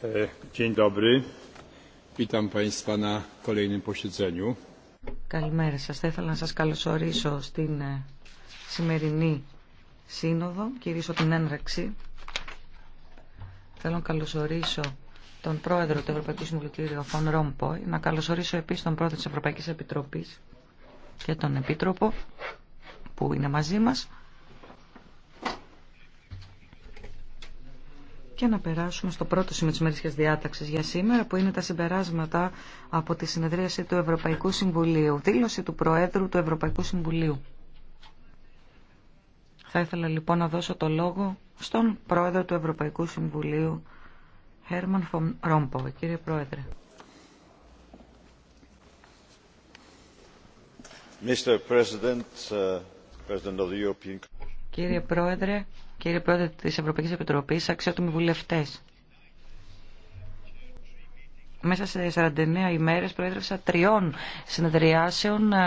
E, Καλημέρα σας. Θα ήθελα να σας καλωσορίσω στην ε, σημερινή σύνοδο, κυρίσω την έναρξη. Θέλω να καλωσορίσω τον πρόεδρο του Ευρωπαϊκού Συμβουλίου, Φων Ρόμποϊ, να καλωσορίσω επίσης τον πρόεδρο της Ευρωπαϊκής Επιτροπής και τον Επίτροπο που είναι μαζί μας. Και να περάσουμε στο πρώτο σημείο τη μερική διάταξη για σήμερα, που είναι τα συμπεράσματα από τη συνεδρίαση του Ευρωπαϊκού Συμβουλίου. Δήλωση του Προέδρου του Ευρωπαϊκού Συμβουλίου. Θα ήθελα λοιπόν να δώσω το λόγο στον Πρόεδρο του Ευρωπαϊκού Συμβουλίου, Χέρμαν Φομ Ρόμπο. Κύριε Πρόεδρε. Mr. President, uh, President of the Κύριε Πρόεδρε, κύριε Πρόεδρε της Ευρωπαϊκής Επιτροπής, αξιότιμοι βουλευτές. Μέσα σε 49 ημέρες προέδρευσα τριών συνεδριάσεων